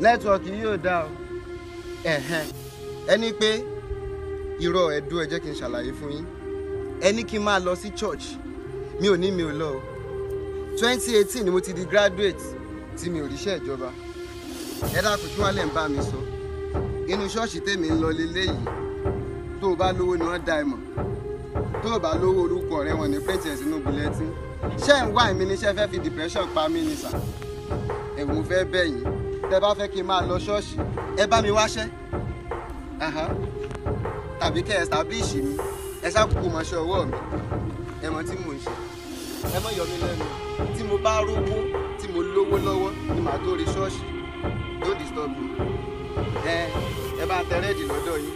Network yóò dá o ẹni pé irọ́ ẹ̀dùn ẹ jẹ́ kí n ṣàlàyé fún yín ẹni kí n máa lọ sí church mi ò ní mi ò lọ o twenty eighteen ni mo ti di graduate tí mi ò ríṣẹ́ ìjọba ẹ dákun kí wọ́n lè ń bá mi sọ inú ṣọ́ọ̀ṣì tèmi ń lọ leléyìí tó o bá lówó ni wọ́n dá ẹ mọ̀ tó o bá lówó orúkọ rẹ wọn ní pẹ́ntì sínú bulletin ṣé ń wá ìmíníṣẹ́ fẹ́ fi depression pa mí ni sà ẹ̀wọ̀n fẹ́ bẹ́yìn tẹ bá fẹ́ kí n máa lọ ṣọ́ọ̀ṣì ẹ bá mi wáṣẹ́ tàbí kẹ́ ẹ sàbíìsì mi ẹ ṣàkókò mọṣẹ́ ọwọ́ mi ẹ mọ tí mò ń ṣe ẹ mọ yọ mí lẹ́nu tí mo bá rówó tí mo lówó lọ́wọ́ ni màá tó rí ṣọ́ọ̀ṣì don't disturb me ẹ ẹ bá tẹ rẹ́ẹ̀dì lọ́dọ̀ yìí.